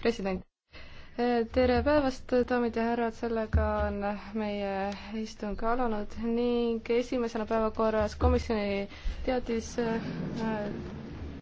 president, tere päevast, daamid ja härrad, sellega on meie istung alanud ning esimesena päevakorras komisjoni teatis äh,